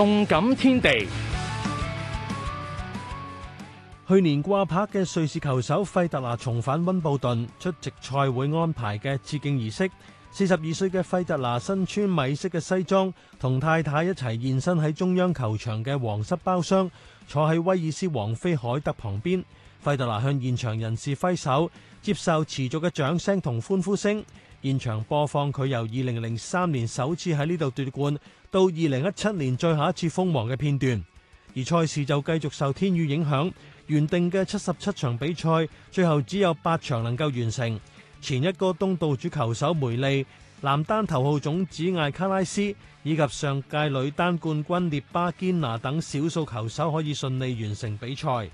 動感天地，去年掛拍嘅瑞士球手費達拿重返溫布頓出席賽會安排嘅致敬儀式。四十二歲嘅費達拿身穿米色嘅西裝，同太太一齊現身喺中央球場嘅皇室包廂，坐喺威爾斯王妃凱特旁邊。費達拿向現場人士揮手，接受持續嘅掌聲同歡呼聲。現場播放佢由二零零三年首次喺呢度奪冠，到二零一七年最後一次封王嘅片段，而賽事就繼續受天雨影響，原定嘅七十七場比賽最後只有八場能夠完成。前一個東道主球手梅利，男單頭號種子艾卡拉斯以及上屆女單冠軍列巴堅拿等少數球手可以順利完成比賽。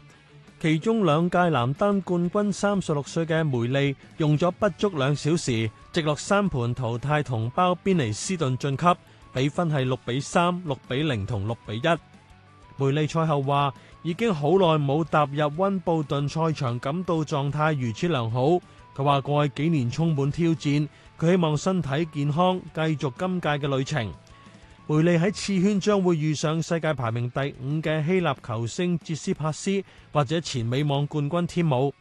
其中兩屆男單冠軍三十六歲嘅梅利用咗不足兩小時，直落三盤淘汰同胞邊尼斯頓晉級，比分係六比三、六比零同六比一。梅利賽後話：已經好耐冇踏入溫布頓賽場，感到狀態如此良好。佢話過去幾年充滿挑戰，佢希望身體健康，繼續今屆嘅旅程。梅利喺次圈將會遇上世界排名第五嘅希臘球星杰斯帕斯，或者前美網冠軍天武。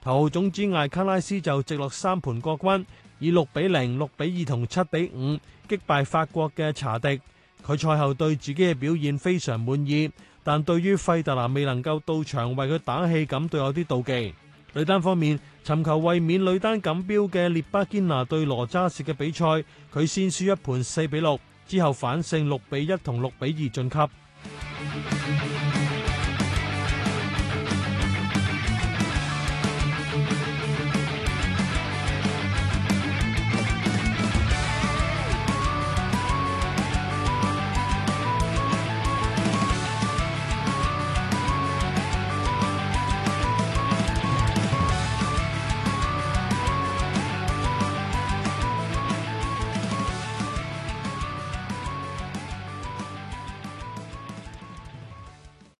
頭號種子艾卡拉斯就直落三盤過關，以六比零、六比二同七比五擊敗法國嘅查迪。佢賽後對自己嘅表現非常滿意，但對於費達拿未能夠到場為佢打氣，感到有啲妒忌。女單方面，尋求衛冕女單錦標嘅列巴堅拿對羅渣士嘅比賽，佢先輸一盤四比六。之後反勝六比一同六比二晉級。